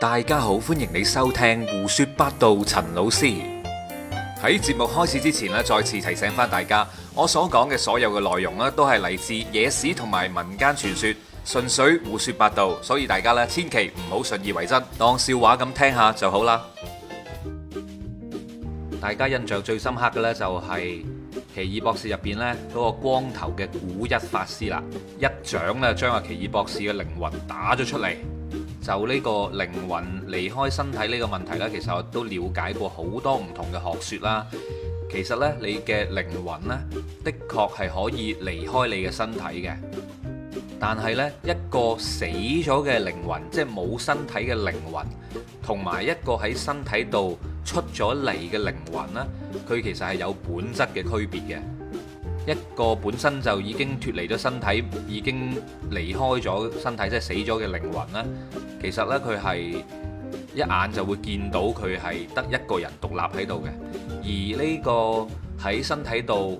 大家好，歡迎你收聽胡說八道。陳老師喺節目開始之前咧，再次提醒翻大家，我所講嘅所有嘅內容咧，都係嚟自野史同埋民間傳說，純粹胡說八道，所以大家咧千祈唔好信以為真，當笑話咁聽下就好啦。大家印象最深刻嘅呢，就係奇異博士入邊呢嗰個光頭嘅古一法師啦，一掌咧將阿奇異博士嘅靈魂打咗出嚟。就呢個靈魂離開身體呢個問題咧，其實我都了解過好多唔同嘅學説啦。其實咧，你嘅靈魂呢，的確係可以離開你嘅身體嘅。但係呢，一個死咗嘅靈魂，即係冇身體嘅靈魂，同埋一個喺身體度出咗嚟嘅靈魂呢，佢其實係有本質嘅區別嘅。一個本身就已經脫離咗身體，已經離開咗身體，即係死咗嘅靈魂咧。其實呢，佢係一眼就會見到佢係得一個人獨立喺度嘅。而呢個喺身體度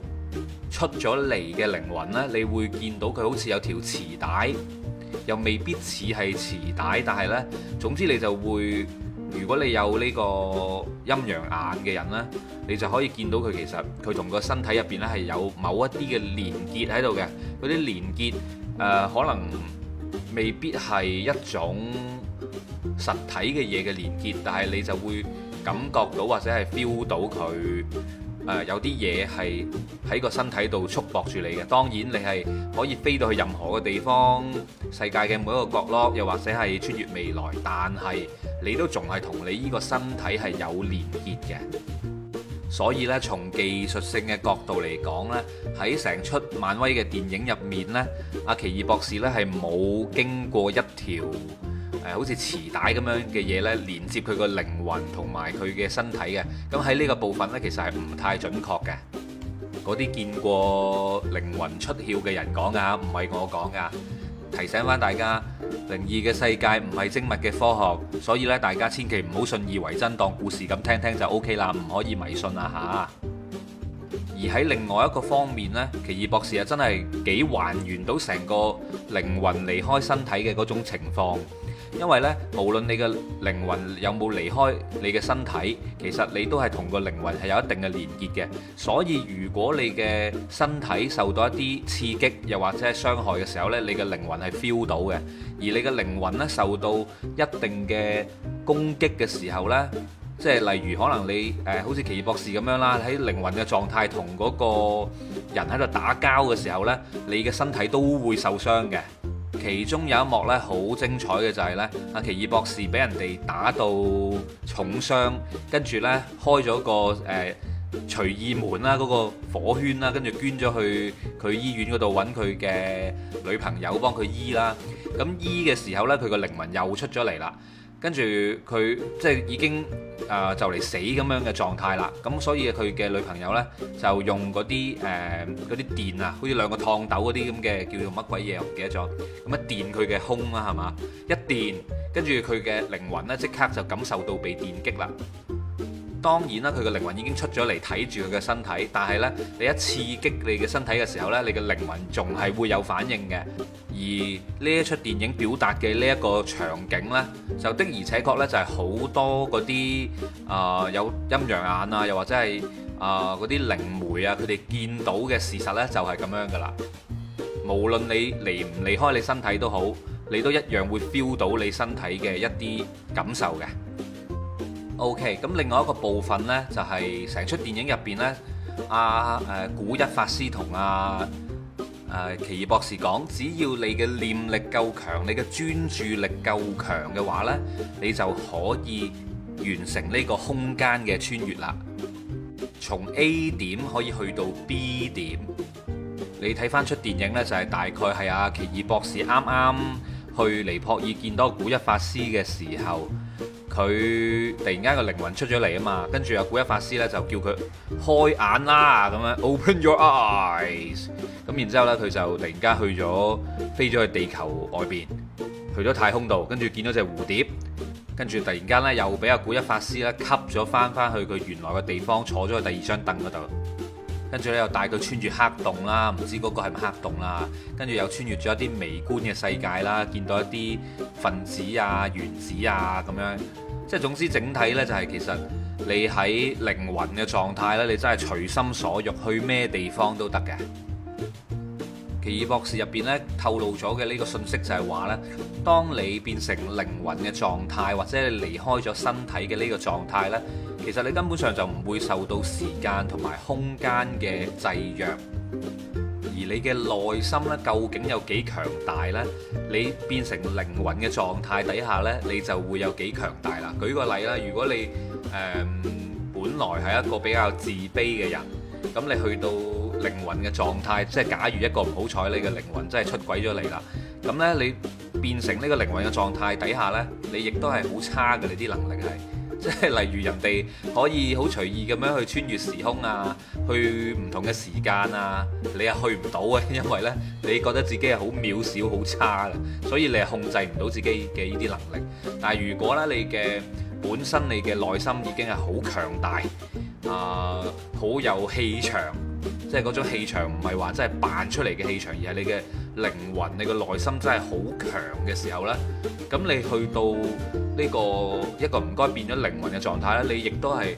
出咗嚟嘅靈魂，呢你會見到佢好似有條磁帶，又未必似係磁帶，但係呢，總之你就會。如果你有呢個陰陽眼嘅人呢你就可以見到佢其實佢同個身體入邊呢係有某一啲嘅連結喺度嘅嗰啲連結誒、呃，可能未必係一種實體嘅嘢嘅連結，但係你就會感覺到或者係 feel 到佢誒、呃、有啲嘢係喺個身體度束縛住你嘅。當然你係可以飛到去任何嘅地方，世界嘅每一個角落，又或者係穿越未來，但係。你都仲係同你呢個身體係有連結嘅，所以呢，從技術性嘅角度嚟講呢，喺成出漫威嘅電影入面呢，阿奇異博士呢係冇經過一條、呃、好似磁帶咁樣嘅嘢呢連接佢個靈魂同埋佢嘅身體嘅，咁喺呢個部分呢，其實係唔太準確嘅，嗰啲見過靈魂出竅嘅人講噶，唔係我講噶。提醒翻大家，靈異嘅世界唔係精密嘅科學，所以咧大家千祈唔好信以為真，當故事咁聽聽就 OK 啦，唔可以迷信啊嚇。而喺另外一個方面呢，奇異博士又真係幾還原到成個靈魂離開身體嘅嗰種情況。因為咧，無論你嘅靈魂有冇離開你嘅身體，其實你都係同個靈魂係有一定嘅連結嘅。所以如果你嘅身體受到一啲刺激，又或者係傷害嘅時候呢，你嘅靈魂係 feel 到嘅。而你嘅靈魂咧受到一定嘅攻擊嘅時候呢，即係例如可能你誒好似《奇異博士》咁樣啦，喺靈魂嘅狀態同嗰個人喺度打交嘅時候呢，你嘅身體都會受傷嘅。其中有一幕咧，好精彩嘅就係、是、呢，阿、啊、奇異博士俾人哋打到重傷，跟住呢，開咗個誒隨意門啦，嗰個火圈啦，跟住捐咗去佢醫院嗰度揾佢嘅女朋友幫佢醫啦。咁醫嘅時候呢，佢個靈魂又出咗嚟啦，跟住佢即係已經。誒、呃、就嚟死咁樣嘅狀態啦，咁所以佢嘅女朋友呢，就用嗰啲誒啲電啊，好似兩個燙斗嗰啲咁嘅叫做乜鬼嘢，我唔記得咗，咁一電佢嘅胸啦，係嘛一電，跟住佢嘅靈魂呢，即刻就感受到被電擊啦。當然啦，佢嘅靈魂已經出咗嚟睇住佢嘅身體，但係咧，你一刺激你嘅身體嘅時候咧，你嘅靈魂仲係會有反應嘅。而呢一出電影表達嘅呢一個場景呢，就的而且確呢就係好多嗰啲啊有陰陽眼啊，又或者係啊嗰啲靈媒啊，佢哋見到嘅事實呢，就係咁樣噶啦。無論你離唔離開你身體都好，你都一樣會 feel 到你身體嘅一啲感受嘅。O.K. 咁另外一個部分呢，就係、是、成出電影入邊呢，阿、啊、誒、啊、古一法師同阿誒奇異博士講，只要你嘅念力夠強，你嘅專注力夠強嘅話呢，你就可以完成呢個空間嘅穿越啦。從 A 點可以去到 B 點，你睇翻出電影呢，就係、是、大概係阿、啊、奇異博士啱啱去尼泊爾見到古一法師嘅時候。佢突然間個靈魂出咗嚟啊嘛，跟住阿古一法師咧就叫佢開眼啦咁樣，open your eyes。咁然之後呢，佢就突然間去咗飛咗去地球外邊，去咗太空度，跟住見到隻蝴蝶，跟住突然間呢，又俾阿古一法師咧吸咗翻翻去佢原來嘅地方，坐咗去第二張凳嗰度。跟住咧又帶佢穿，穿越黑洞啦，唔知嗰個係咪黑洞啦。跟住又穿越咗一啲微觀嘅世界啦，見到一啲分子啊、原子啊咁樣。即係總之，整體呢就係其實你喺靈魂嘅狀態咧，你真係隨心所欲去咩地方都得嘅。奇異博士入邊咧透露咗嘅呢個信息就係話咧，當你變成靈魂嘅狀態，或者你離開咗身體嘅呢個狀態咧，其實你根本上就唔會受到時間同埋空間嘅制約。你嘅內心咧，究竟有幾強大呢？你變成靈魂嘅狀態底下呢，你就會有幾強大啦。舉個例啦，如果你誒、呃、本來係一個比較自卑嘅人，咁你去到靈魂嘅狀態，即係假如一個唔好彩你嘅靈魂真係出軌咗你啦，咁呢，你變成呢個靈魂嘅狀態底下呢，你亦都係好差嘅，你啲能力係。即係例如人哋可以好隨意咁樣去穿越時空啊，去唔同嘅時間啊，你又去唔到啊，因為呢，你覺得自己係好渺小、好差嘅，所以你係控制唔到自己嘅呢啲能力。但係如果咧你嘅本身你嘅內心已經係好強大啊，好、呃、有氣場，即係嗰種氣場唔係話真係扮出嚟嘅氣場，而係你嘅靈魂、你嘅內心真係好強嘅時候呢，咁你去到。呢、這個一個唔該變咗靈魂嘅狀態咧，你亦都係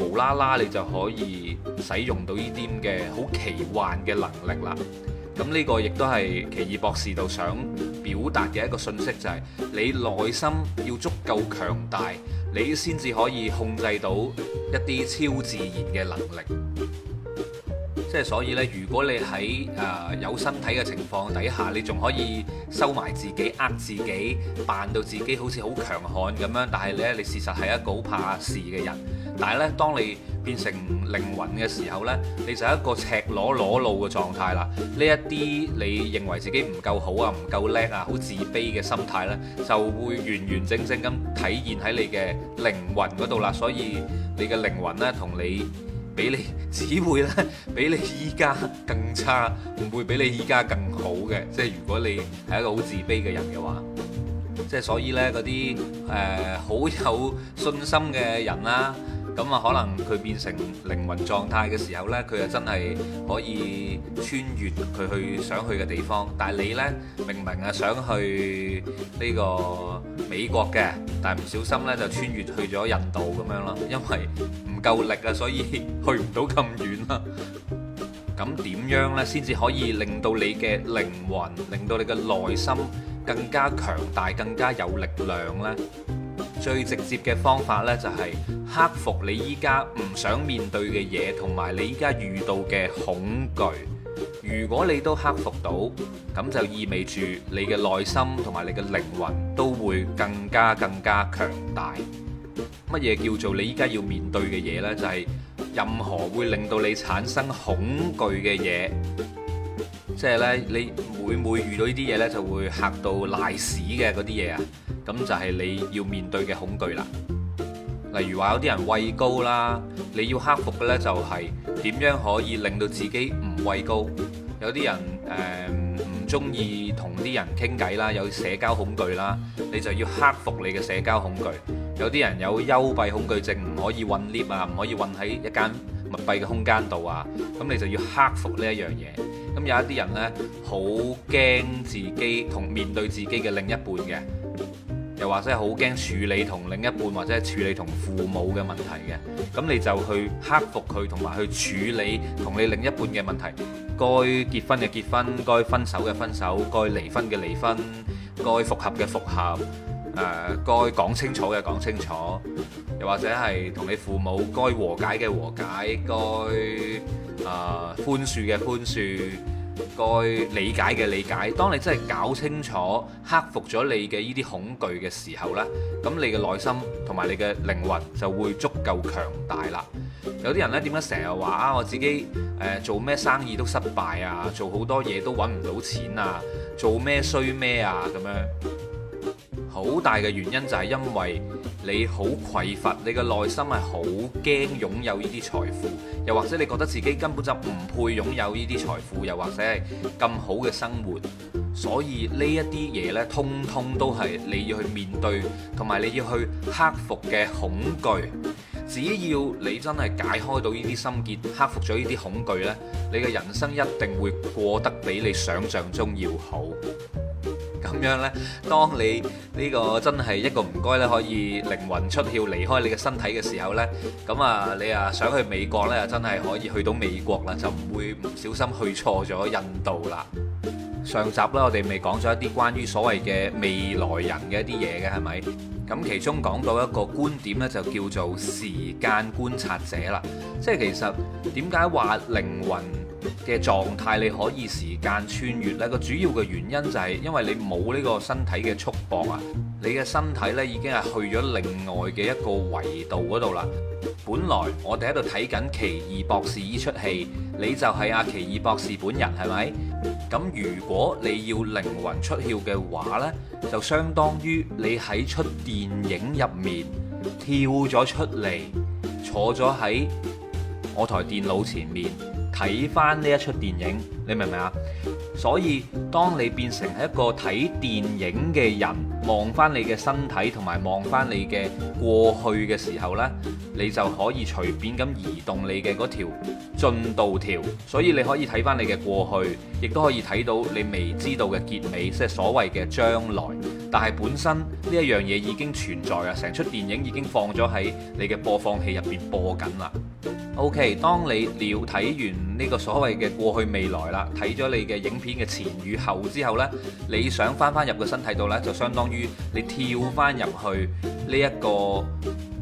無啦啦，你就可以使用到呢啲嘅好奇幻嘅能力啦。咁、這、呢個亦都係奇異博士度想表達嘅一個信息，就係、是、你內心要足夠強大，你先至可以控制到一啲超自然嘅能力。即係所以呢，如果你喺誒、呃、有身體嘅情況底下，你仲可以收埋自己、呃自己、扮到自己好似好強悍咁樣，但係呢，你事實係一個好怕事嘅人。但係呢，當你變成靈魂嘅時候呢，你就係一個赤裸裸露嘅狀態啦。呢一啲你認為自己唔夠好啊、唔夠叻啊、好自卑嘅心態呢，就會完完整整咁體現喺你嘅靈魂嗰度啦。所以你嘅靈魂呢，同你。比你只會咧，比你依家更差，唔會比你依家更好嘅？即係如果你係一個好自卑嘅人嘅話，即係所以呢嗰啲誒好有信心嘅人啦，啊。咁啊，可能佢變成靈魂狀態嘅時候呢，佢就真係可以穿越佢去想去嘅地方。但係你呢，明明啊想去呢個美國嘅，但係唔小心呢，就穿越去咗印度咁樣咯。因為唔夠力啊，所以去唔到咁遠啦。咁點樣呢？先至可以令到你嘅靈魂，令到你嘅內心更加強大，更加有力量呢？最直接嘅方法呢，就係克服你依家唔想面對嘅嘢，同埋你依家遇到嘅恐懼。如果你都克服到，咁就意味住你嘅內心同埋你嘅靈魂都會更加更加強大。乜嘢叫做你依家要面對嘅嘢呢？就係任何會令到你產生恐懼嘅嘢，即係咧你會唔會遇到呢啲嘢呢？就會嚇到瀨屎嘅嗰啲嘢啊！咁就係你要面對嘅恐懼啦。例如話有啲人畏高啦，你要克服嘅呢就係點樣可以令到自己唔畏高。有啲人誒唔中意同啲人傾偈啦，有社交恐懼啦，你就要克服你嘅社交恐懼。有啲人有幽閉恐懼症，唔可以韞 lift 啊，唔可以韞喺一間密閉嘅空間度啊，咁你就要克服呢一樣嘢。咁有一啲人呢好驚自己同面對自己嘅另一半嘅。又或者係好驚處理同另一半或者係處理同父母嘅問題嘅，咁你就去克服佢同埋去處理同你另一半嘅問題，該結婚嘅結婚，該分手嘅分手，該離婚嘅離婚，該複合嘅複合，誒、呃、該講清楚嘅講清楚，又或者係同你父母該和解嘅和解，該誒、呃、寬恕嘅寬恕。該理解嘅理解，當你真係搞清楚、克服咗你嘅呢啲恐懼嘅時候呢，咁你嘅內心同埋你嘅靈魂就會足夠強大啦。有啲人呢點解成日話啊？我自己誒、呃、做咩生意都失敗啊，做好多嘢都揾唔到錢啊，做咩衰咩啊咁樣。好大嘅原因就係因為你好匱乏，你嘅內心係好驚擁有呢啲財富，又或者你覺得自己根本就唔配擁有呢啲財富，又或者係咁好嘅生活，所以呢一啲嘢咧，通通都係你要去面對，同埋你要去克服嘅恐懼，只要你真係解開到呢啲心結，克服咗呢啲恐懼咧，你嘅人生一定會過得比你想象中要好。咁樣呢，當你呢個真係一個唔該咧，可以靈魂出竅離開你嘅身體嘅時候呢，咁啊，你啊想去美國呢，又真係可以去到美國啦，就唔會唔小心去錯咗印度啦。上集呢，我哋未講咗一啲關於所謂嘅未來人嘅一啲嘢嘅係咪？咁其中講到一個觀點呢，就叫做時間觀察者啦。即係其實點解話靈魂嘅狀態，你可以時間穿越，呢個主要嘅原因就係因為你冇呢個身體嘅束縛啊，你嘅身體咧已經係去咗另外嘅一個維度嗰度啦。本來我哋喺度睇緊《奇異博士》呢出戲，你就係阿奇異博士本人係咪？咁如果你要靈魂出竅嘅話呢，就相當於你喺出電影入面跳咗出嚟，坐咗喺我台電腦前面。睇翻呢一出電影，你明唔明啊？所以當你變成係一個睇電影嘅人，望翻你嘅身體同埋望翻你嘅過去嘅時候呢，你就可以隨便咁移動你嘅嗰條進度條，所以你可以睇翻你嘅過去，亦都可以睇到你未知道嘅結尾，即係所謂嘅將來。但係本身呢一樣嘢已經存在啊，成出電影已經放咗喺你嘅播放器入邊播緊啦。O.K.，當你了解完呢個所謂嘅過去未來啦，睇咗你嘅影片嘅前與後之後呢，你想翻翻入個身體度呢，就相當於你跳翻入去呢一個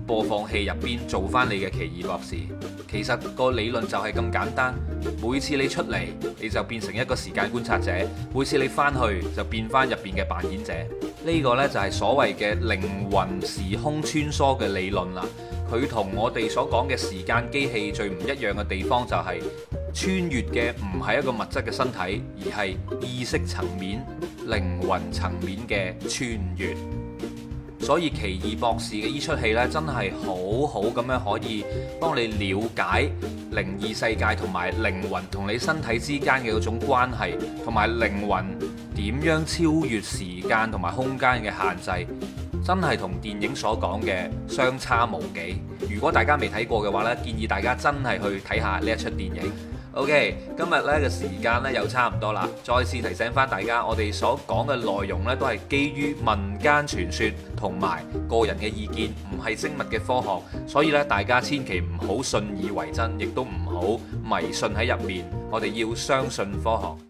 播放器入邊做翻你嘅奇異博士。其實個理論就係咁簡單，每次你出嚟你就變成一個時間觀察者，每次你翻去就變翻入邊嘅扮演者。呢個呢，就係所謂嘅靈魂時空穿梭嘅理論啦。佢同我哋所講嘅時間機器最唔一樣嘅地方就係穿越嘅唔係一個物質嘅身體，而係意識層面、靈魂層面嘅穿越。所以奇異博士嘅呢出戲咧，真係好好咁樣可以幫你了解靈異世界同埋靈魂同你身體之間嘅嗰種關係，同埋靈魂點樣超越時間同埋空間嘅限制。真係同電影所講嘅相差無幾。如果大家未睇過嘅話咧，建議大家真係去睇下呢一出電影。OK，今日呢個時間咧又差唔多啦。再次提醒翻大家我，我哋所講嘅內容咧都係基於民間傳說同埋個人嘅意見，唔係精密嘅科學。所以咧，大家千祈唔好信以為真，亦都唔好迷信喺入面。我哋要相信科學。